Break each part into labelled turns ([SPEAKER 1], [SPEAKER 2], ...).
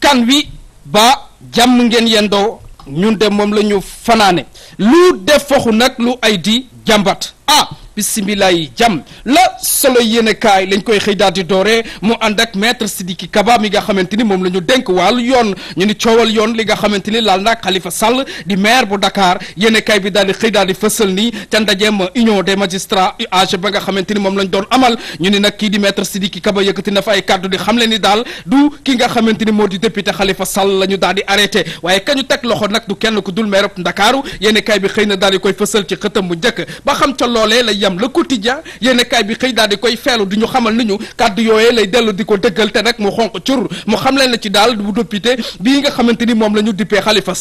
[SPEAKER 1] kan wi ba jàmm ngeen yendoo ñun de moom la ñu fanaane lu def faxu nag lu ay di jàmbat ah bisimilaay jàmm la solo yéene kaay lañ koy xëy daal di doore mu ànd ak maître Sidiki Kaba mi nga xamante ni moom la ñu dénk wàllu yoon ñu ni coowal yoon li nga xamante ni laal naag Khalifa Sall di maire bu Dakar yéene bi daal di xëy daal di fësal ni ca ndajeem union des magistrats UAG ba nga xamante ni moom lañ doon amal ñu ni nag kii di maître Sidiki Kaba yëkkati na fa ay kàddu di xamle ni daal du ki nga xamante ni moo di député xalifa Sall la ñu daal di arrêté waaye kañu ñu teg loxo nag du kenn ku dul meer bu Ndakaaru yéene kaay bi xëy na daal di koy fësal ci xëtam bu njëkk ba xam ca loolee la yam le quotidien yéen a kaay bi xëy daal di koy feelu di ñu xamal ni ñu kàddu yooyee lay dellu di ko dëggal nag mu xonq cur mu xam leen ci daal bu député bii nga xamante moom la ñu dippee Khalifa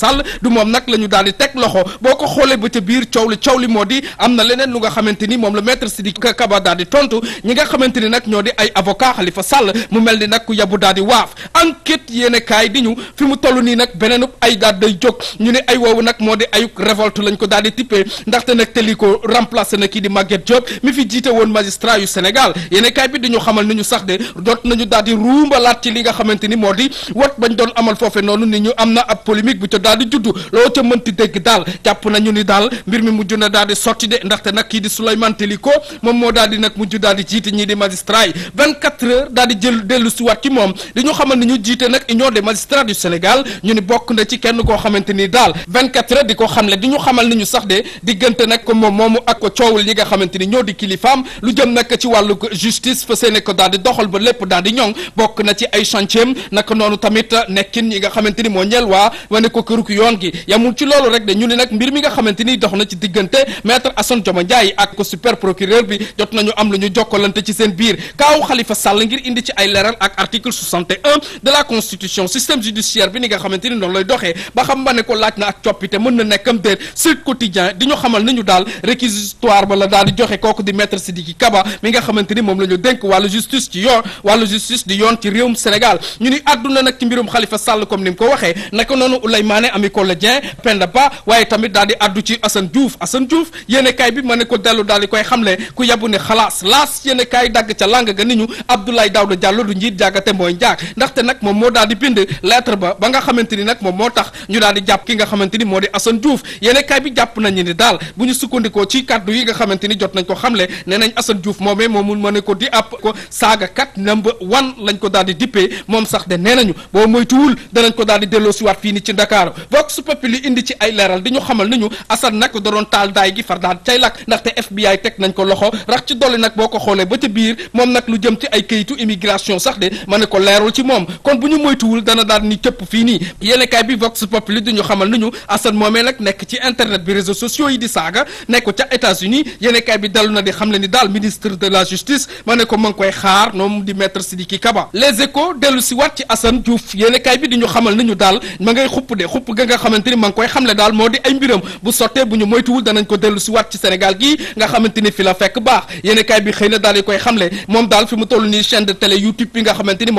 [SPEAKER 1] di teg loxo boo ko xoolee ba ca biir coow li moo di am na leneen lu nga xamante ni moom la maître Sidiki Kaba daal di tontu ñi nga xamante ni nag ñoo di ay avocat Khalifa Sall mu mel ni nag ku yabu daal di waaf enquête yéen di ñu fi mu toll nii nag beneenub ay daal day jóg ñu ne ay woowu nag moo di ayuk révolte lañ ko daal di tippee ndaxte nag te li ko remplacé na Maguette Diop mi fi jiite woon magistrat yu Sénégal yéen kaay bi dañu xamal ni ñu sax de dot nañu daal di ruumbalaat ci li nga xamante ni moo di wat bañ doon amal foofe noonu ni ñu am na ab polémique bu ca daal di juddu loo ca mënti dégg daal jàpp nañu ni daal mbir mi mujj na daal di sotti de ndaxte nag kii di Souleymane Teliko moom moo daal di nag mujj daal di jiite ñii di magistrat yi 24 heures daal di jël dellu si waat ci moom di ñu xamal ni ñu jiite nag union des magistrats du Sénégal ñu ni bokk na ci kenn koo xamante ni daal 24 heures di ko xamle di ñu xamal ni ñu sax de diggante nag ko moom moomu ak nga xam xamante ni ñoo di kilifaam lu jëm nag ci wàllu justice fa seene ko daal di doxal ba lépp daal di ñoŋ bokk na ci ay chantier naka noonu tamit nekkin yi nga xamante ni moo ñeel waa wane ko këruk yoon gi yamul ci loolu rek de ñu ni nag mbir mi nga xamante ni dox na ci diggante maître Assane Dioma Ndiaye ak ko super procureur bi jot nañu am lu ñu jokkalante ci seen biir kaaw Khalifa Sall ngir indi ci ay leeral ak article 61 de la constitution système judiciaire bi ni nga xamante ni noonu lay doxee ba xam ma ne ko laaj na ak coppite mën na nekkam di joxe kooku di maître Sidiki Kaba mi nga xamante moom la ñu dénk wàllu justice ci yoon wàllu justice di yoon ci réewum Sénégal ñu ni àdduna nag ci mbirum Khalifa Sall comme ni mu ko waxee naka noonu Ouleye Mané Ami Collé Dieng Ba waaye tamit daal di ci Assane Diouf Assane Diouf yéene bi ma ne ko dellu daal di koy xamle ku yabu ne xalaas laas yéene kaay dagg ca lang ga ni ñu Abdoulaye Daouda Diallo du njiit jàggate mooy njaag ndaxte nag moom moo daal di bind lettre ba ba nga ni nag moom moo tax ñu daal di jàpp ki nga xamante ni moo di Assane Diouf yéene kaay bi jàpp nañu ni daal bu ñu sukkandikoo ci jot nañ ko xamle nee nañ Assane Diouf moomee moo ma ne ko di ab ko saaga kat number one lañ ko daal di dippee moom sax de nee nañu boo moytuwul danañ ko daal di delloosiwaat fii ni ci Dakar Vox Populi indi ci ay leeral di ñu xamal ni ñu Assane nag da doon taal daay gi far daal cay lakk ndaxte FBI teg nañ ko loxo rax ci dolli nag boo ko xoolee ba ca biir moom nag lu jëm ci ay kayitu immigration sax de ma ne ko leerul ci moom kon bu ñu moytuwul dana daal ni cëpp fii nii yéenekaay bi Vox Populi di xamal ni ñu Assane moomee nag nekk ci internet bi réseaux sociaux yi di saaga nekk ca états yéenekaay bi dellu na di xam le ni daal ministre de ma ne ko ma ngi koy xaar moom di maître Sidiki Kaba nga koy xamle daal moo di ay mbiram bu sottee bu ñu moytuwul danañ ko dellu si waat ci Sénégal gii nga xamante ni fi la fekk baax yéenekaay bi na daal di koy xamle moom daal fi mu toll nii chaîne de télé YouTube bi nga xamante na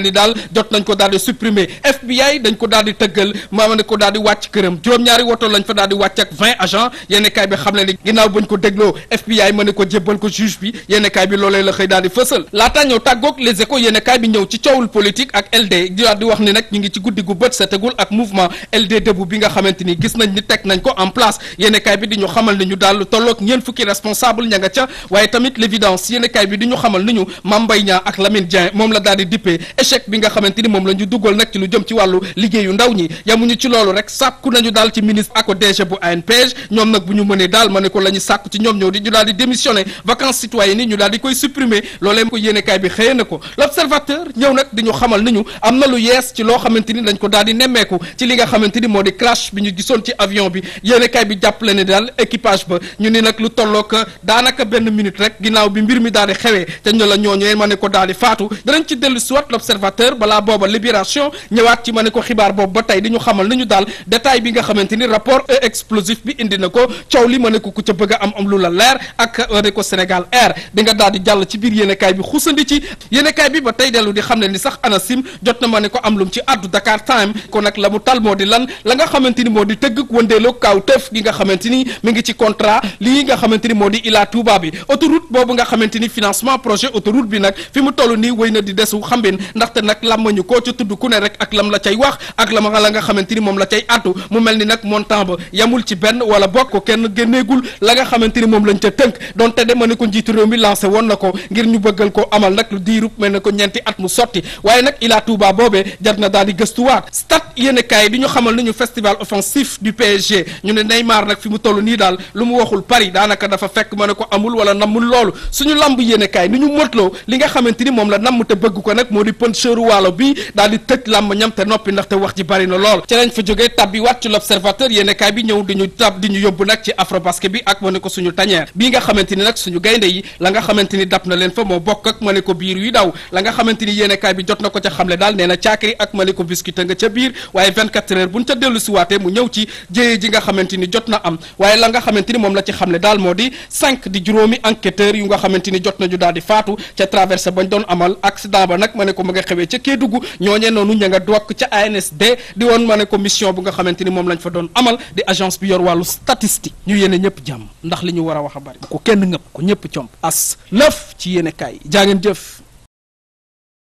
[SPEAKER 1] ni daal jot ma ne ko daal di wàcc këram juróom-ñaari woto lañ fa daal di wàcc ak 20 agents yéenekaay bi xam ne ni ginnaaw bañ ko dégloo FBI mën ne ko jébbal ko juge bi yéene kaay bi loolee la xëy daal fësal laataa ñëw tàggoog les échos yéene bi ñëw ci guddi gu bët setegul ak mouvement LD debout bi nga xamante gis nañ ni teg nañ ko en place yéene bi di xamal ni ñu daal tolloog ñeent fukki responsable ña nga ca waaye tamit l'évidence yéene kaay bi di xamal ni ñu Mame ak Lamine Dieng moom la daal dippee échec bi nga xamante moom la ñu ma ne ko la ñu sàkk ci ñoom ñëw di ñu daal di bi na ko l'observateur ñëw ci loo xamante ni dañ ko daal di nemmeeku ci li nga xamante ni moo di crash bi ñu gisoon ci avion bi yéenekaay bi jàppale ne daal équipage ba ñu ni nag lu tollook daanaka benn minute rek ginnaaw bi mbir mi daal di xewee te ñu la ñooñee ma ne ko daal di faatu danañ ci dellu siwaat l'observateur balaa booba libération ñëwaat ci ma ne ko xibaar boobu ba tey di ñu xamal ni ñu daal détail bi nga xamante ni rapport explosif bi indi na ko coow li ma ne ne ko ku ca bëgg a am am lu la leer ak ne ko Sénégal Air di nga daal di jàll ci biir yéenekaay bi xusandi ci yéenekaay bi ba tey dellu di xam ni sax ANACIM jot na ma ne ko am lum ci addu Dakar Time ko nag la mu tal moo di lan la nga xamante ni moo di tëgg wëndeeloo kaw tëf gi nga xamante ni mi ngi ci contrat lii nga xamante moo di Ila Touba bi autoroute boobu nga xamante ni financement projet autoroute bi nag fi mu toll nii wéy na di desu xambin ndaxte n làmmañu koo ca tudd ku ne rek ak lam la cay wax ak la ma la nga ni moom la cay addu mu mel ba yamul ci jëfeegul la nga xamante ni moom lañ ca tënk donte de ma ne ko njiitu réew mi lancé woon na ko ngir ñu bëggal ko amal nag lu diirub mel ne ko ñeenti at mu sotti waaye nag Ila Touba boobee jar na daal di gëstuwaat yéen kaay bi ñu xamal nañu ñu festival offensif du PSG ñu ne Neymar nag fi mu toll nii daal lu mu waxul Paris daanaka dafa fekk ma ne ko amul wala nammul loolu suñu lamb yéen kaay ni ñu motloo li nga xamante ni moom la nam te bëgg ko nag moo di pëncheuru waalo bi daal di tëj lamb ñam te noppi ndaxte wax ji bari na lool ca fa jóge tab bi wàccu l'observateur yéen kaay bi ñëw ñu tab di ñu yóbbu nag ci afrobasket bi ak ma ne ko suñu tañeer bii nga xamante ni nag suñu gaynde yi la nga xamante ni dab na leen fa moo ma ne ko biir yu daw la nga xamante ni yéen bi jot na ko ca xamle daal nee na caakri ak ma ne ko biscuit nga ca biir waaye 24 bu buñ ca dellu si waatee mu ñëw ci jéye ji nga xamante ni jot na am waaye la nga xamante ni moom la ci xamle daal moo di cinq di juróomi enquêteurs yu nga xamante ni jot nañu daal di faatu ca traversé bañ doon amal accident ba nag ma ne ko ma nga xewee ca ñoo ñooñee noonu ña nga dokk ca ANSD di woon ma ne ko mission bu nga xamante ni moom lañ fa doon amal di agence bi yor wàllu statistique ñu yenee ñëpp jàmm ndax li ñu war a wax a bari ko kenn ngëpp ko ñëpp comp as ci yéene kaay jaa ngeen jëf